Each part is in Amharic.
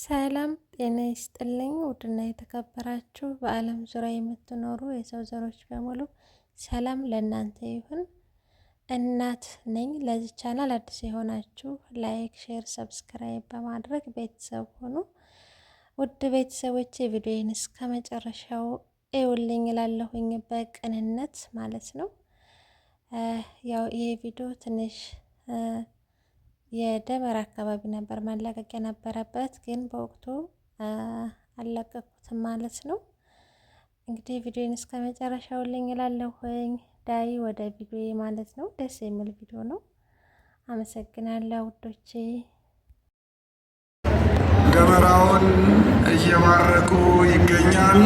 ሰላም ጤና ይስጥልኝ። ውድና የተከበራችሁ በዓለም ዙሪያ የምትኖሩ የሰው ዘሮች በሙሉ ሰላም ለእናንተ ይሁን። እናት ነኝ። ለዚህ ቻናል አዲስ የሆናችሁ ላይክ፣ ሼር፣ ሰብስክራይብ በማድረግ ቤተሰብ ሆኑ። ውድ ቤተሰቦች የቪዲዮን እስከ መጨረሻው እዩልኝ እላለሁኝ በቅንነት ማለት ነው። ያው ይሄ ቪዲዮ ትንሽ የደበር አካባቢ ነበር መለቀቅ የነበረበት፣ ግን በወቅቱ አልለቀኩትም ማለት ነው። እንግዲህ ቪዲዮን እስከ መጨረሻው ልኝ እላለሁኝ። ዳይ ወደ ቪዲዮ ማለት ነው። ደስ የሚል ቪዲዮ ነው። አመሰግናለሁ ውዶቼ። ደመራውን እየባረኩ ይገኛል።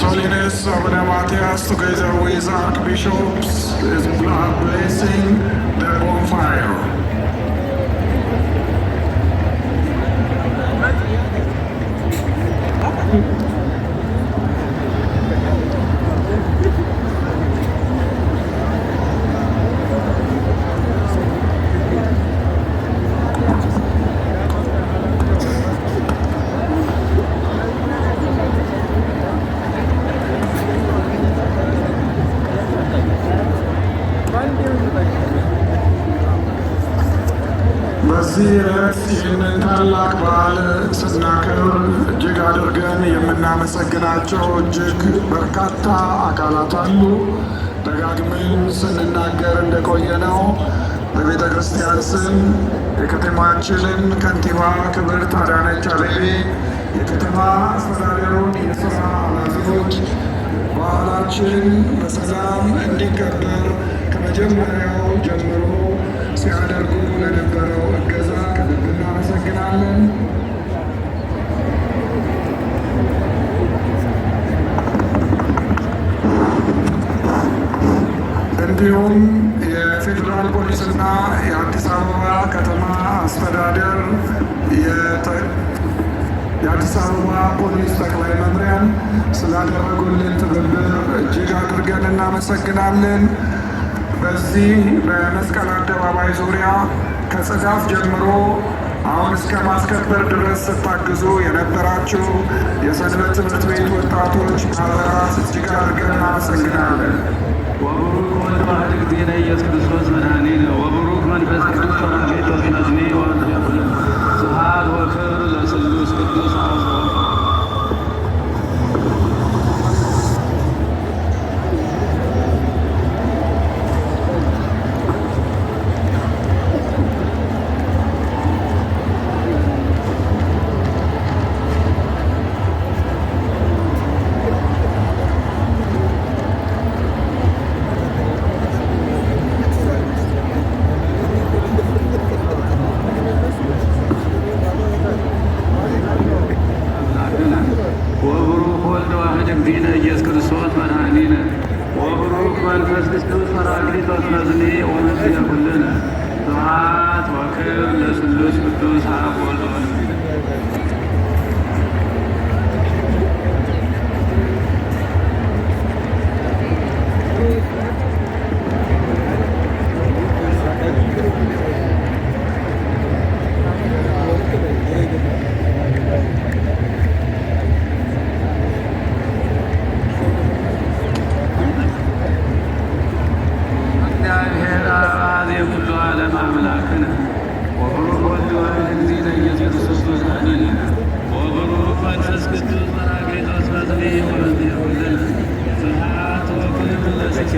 ሶሊነስ አቡነ ማቲያስ ቱጌዘር ዊዝ ቢሾፕስ ኢዝ ብላክ ብሌሲንግ ደር አድርገን የምናመሰግናቸው እጅግ በርካታ አካላት አሉ። ደጋግመን ስንናገር እንደቆየ ነው። በቤተ ክርስቲያን ስም የከተማችንን ከንቲባ ክብርት አዳነች አቤቤ፣ የከተማ አስተዳደሩን የስራ ኃላፊዎች ባህላችን በሰላም እንዲከበር ከመጀመሪያው ጀምሮ ሲያደርጉ ለነበረው እገዛ ከልብ እናመሰግናለን። እንዲሁም የፌዴራል ፖሊስና የአዲስ አበባ ከተማ አስተዳደር የአዲስ አበባ ፖሊስ ጠቅላይ መምሪያን ስላደረጉልን ትብብር እጅግ አድርገን እናመሰግናለን። በዚህ በመስቀል አደባባይ ዙሪያ ከጽዳፍ ጀምሮ አሁን እስከ ማስከበር ድረስ ስታግዙ የነበራችሁ የሰንበት ትምህርት ቤት ወጣቶች፣ ማህበራት እጅግ አድርገን እናመሰግናለን። ወብሩክ ወልድ ዋህድ ጊዜነ ኢየሱስ ክርስቶስ መድኃኒነ ወብሩክ መንፈስ ቅዱስ ወናቤ ተስነዝኔ ወ ስብሐት ወክብር ለስሉስ ቅዱስ አብ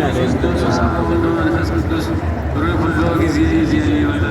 ቅዱስ ወመንፈስ ቅዱስ ርኩሎ ጊዜ ይመጣ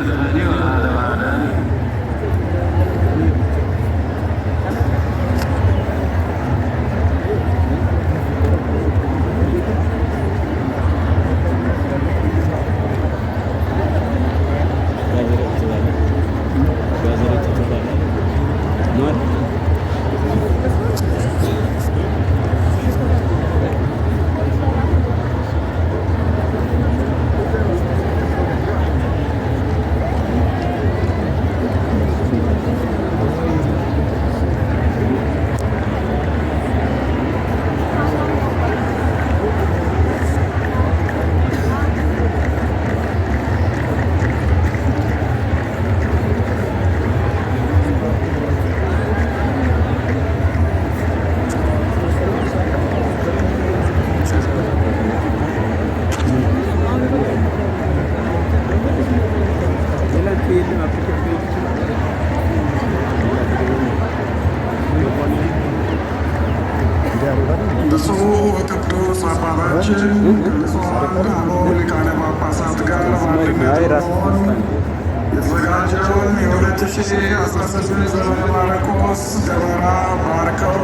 የተዘጋጀውን የ2016 ማረቆስ ገበና ባርከው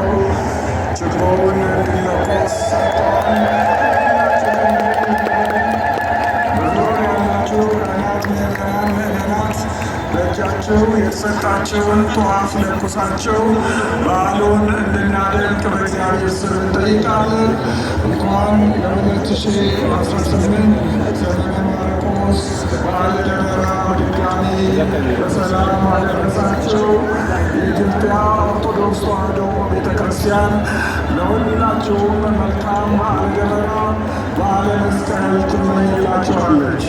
ችቦውን እንዲለቆስ ሰጥተዋል። ተለኩሳችሁ የተሰጣችሁን ጧፍ ለኩሳችሁ በዓሉን እንድናደርግ በእግዚአብሔር ስም እንጠይቃለን። እንኳን ለሁለት ሺ አስራ ስምንት ዘመነ ማርቆስ በዓለ ደመራ ድጋሚ በሰላም አደረሳችሁ። የኢትዮጵያ ኦርቶዶክስ ተዋህዶ ቤተክርስቲያን ለሁላችሁም መልካም በዓለ ደመራ በዓለ መስቀል ትመኝላችኋለች።